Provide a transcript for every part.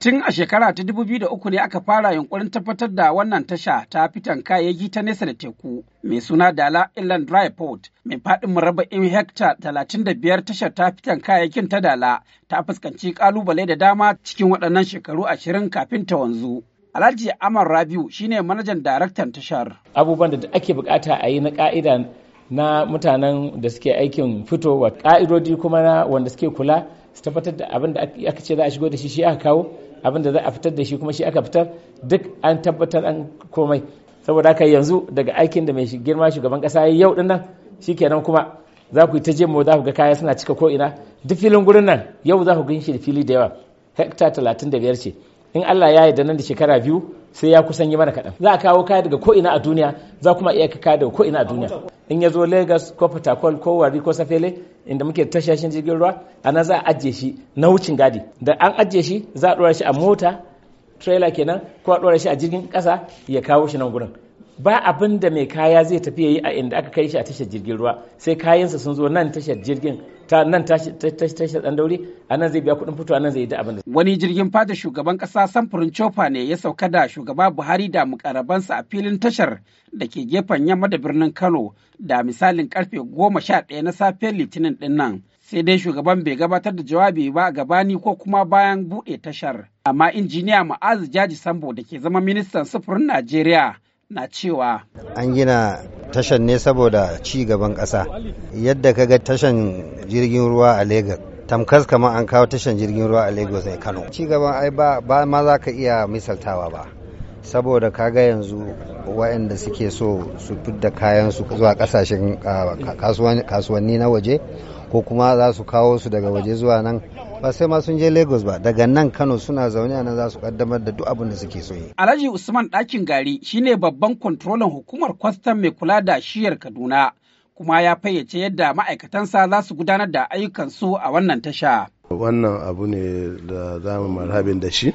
Tun a shekara ta dubu biyu da uku ne aka fara yunkurin tabbatar da wannan tasha ta fitan kayayyaki ta nesa da teku mai suna Dala Inland Dry Port mai faɗin murabba'in hekta talatin da biyar tashar ta fitan kayayyakin ta Dala ta fuskanci kalubale da dama cikin waɗannan shekaru ashirin kafin ta wanzu. Alhaji Amar Rabiu shine manajan daraktan tashar. Abubuwan da ake bukata a yi na ka'ida na mutanen da suke aikin fito wa ka'idodi kuma na wanda suke kula su tabbatar da abin da aka ce za a shigo da shi shi aka kawo abin da za a fitar da shi kuma shi aka fitar duk an tabbatar an komai saboda haka yanzu daga aikin da mai girma shugaban kasa ya yau dinnan kenan kuma za ku yi ta jemma mu za ku ga kaya suna cika ko ina duk filin gurin nan yau za ku gan shi da fili da yawa hekta talatin da biyar ce in Allah ya yarda nan da shekara biyu sai ya kusan yi mana kaɗan za a kawo kaya daga ko ina a duniya za kuma iya kaya daga ko ina a duniya in ya zo Lagos ko Port ko Wari ko Safele inda muke tashashin jirgin ruwa ana za a ajiye shi na wucin gadi da an ajiye shi za a ɗora shi a mota trailer kenan ko a ɗora shi a jirgin ƙasa ya kawo shi nan gurin ba abin da mai kaya zai tafi yayi a inda aka kai shi a tashar jirgin ruwa sai kayansa sun zo nan tashar jirgin ta nan tashar dan daure a nan zai biya kuɗin fito a nan zai yi da abin da wani jirgin fada shugaban ƙasa samfurin cofa ne ya sauka da shugaba Buhari da mukarabansa a filin tashar da ke gefen yamma da birnin Kano da misalin karfe goma sha ɗaya na safiyar litinin ɗin nan sai dai shugaban bai gabatar da jawabi ba a gabani ko kuma bayan buɗe tashar amma injiniya ma'azu jaji sambo da ke zama ministan sufurin Najeriya na cewa an gina tashan ne saboda ci gaban ƙasa yadda ka ga tashan jirgin ruwa a Legas tamkas kamar an kawo tashan jirgin ruwa a Lagos ne Kano ci gaban ai ba ma za ka iya misaltawa ba saboda kaga yanzu waɗanda suke so su fidda kayan su zuwa kasashen ah, kasuwanni na waje ko kuma za su kawo su daga waje zuwa nan ba sai ma sun je Lagos ba daga nan Kano suna zaune a nan za su kaddamar da duk abin da suke so yi. Alhaji Usman Ɗakin Gari shine babban kwantrolan hukumar kwastam mai kula da shiyar Kaduna kuma ya fayyace yadda ma'aikatansa za su gudanar da ayyukansu a wannan tasha. Wannan abu ne da za mu marhabin da shi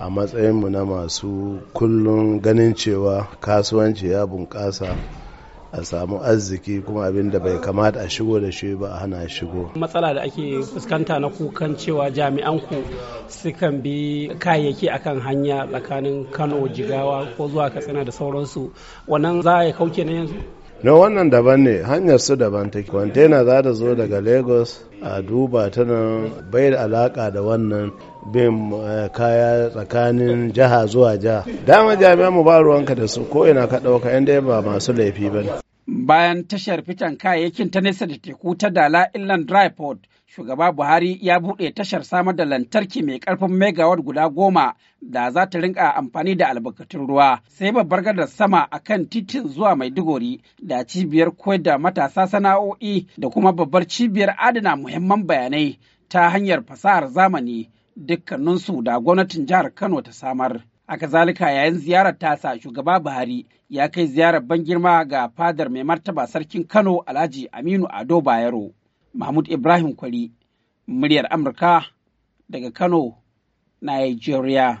a matsayinmu na masu kullum ganin cewa kasuwanci ya bunƙasa a samu arziki kuma abin da bai kamata a shigo da shi ba a hana shigo matsala da ake fuskanta na kukan cewa jami'an ku sukan bi kayayyaki akan hanya tsakanin kano jigawa ko zuwa katsina da sauransu wannan za ya kauke na yanzu na wannan daban ne hanyar su daban take kwantena za ta zo daga lagos a duba ta nan bai da alaka da wannan bin eh, kaya tsakanin jiha zuwa jiha dama jami'an mu ba ruwanka da su ko ina ka ɗauka inda ba masu laifi ba ne bayan tashar fitan kayayyakin ta nesa da teku ta dala inland dry shugaba buhari ya buɗe tashar samar da lantarki mai ƙarfin megawatt guda goma da za ta rinka amfani da albarkatun ruwa sai babbar gadar sama a kan titin zuwa maiduguri da cibiyar koyar da matasa sana'o'i da kuma babbar cibiyar adana muhimman bayanai ta hanyar fasahar zamani dukkaninsu da gwamnatin jihar kano ta samar A kazalika yayin ziyarar tasa shugaba Buhari ya kai ziyarar ban girma ga fadar mai martaba sarkin Kano Alhaji Aminu Ado Bayero. Mahmud Ibrahim Kwari, muryar Amurka daga Kano, Nigeria.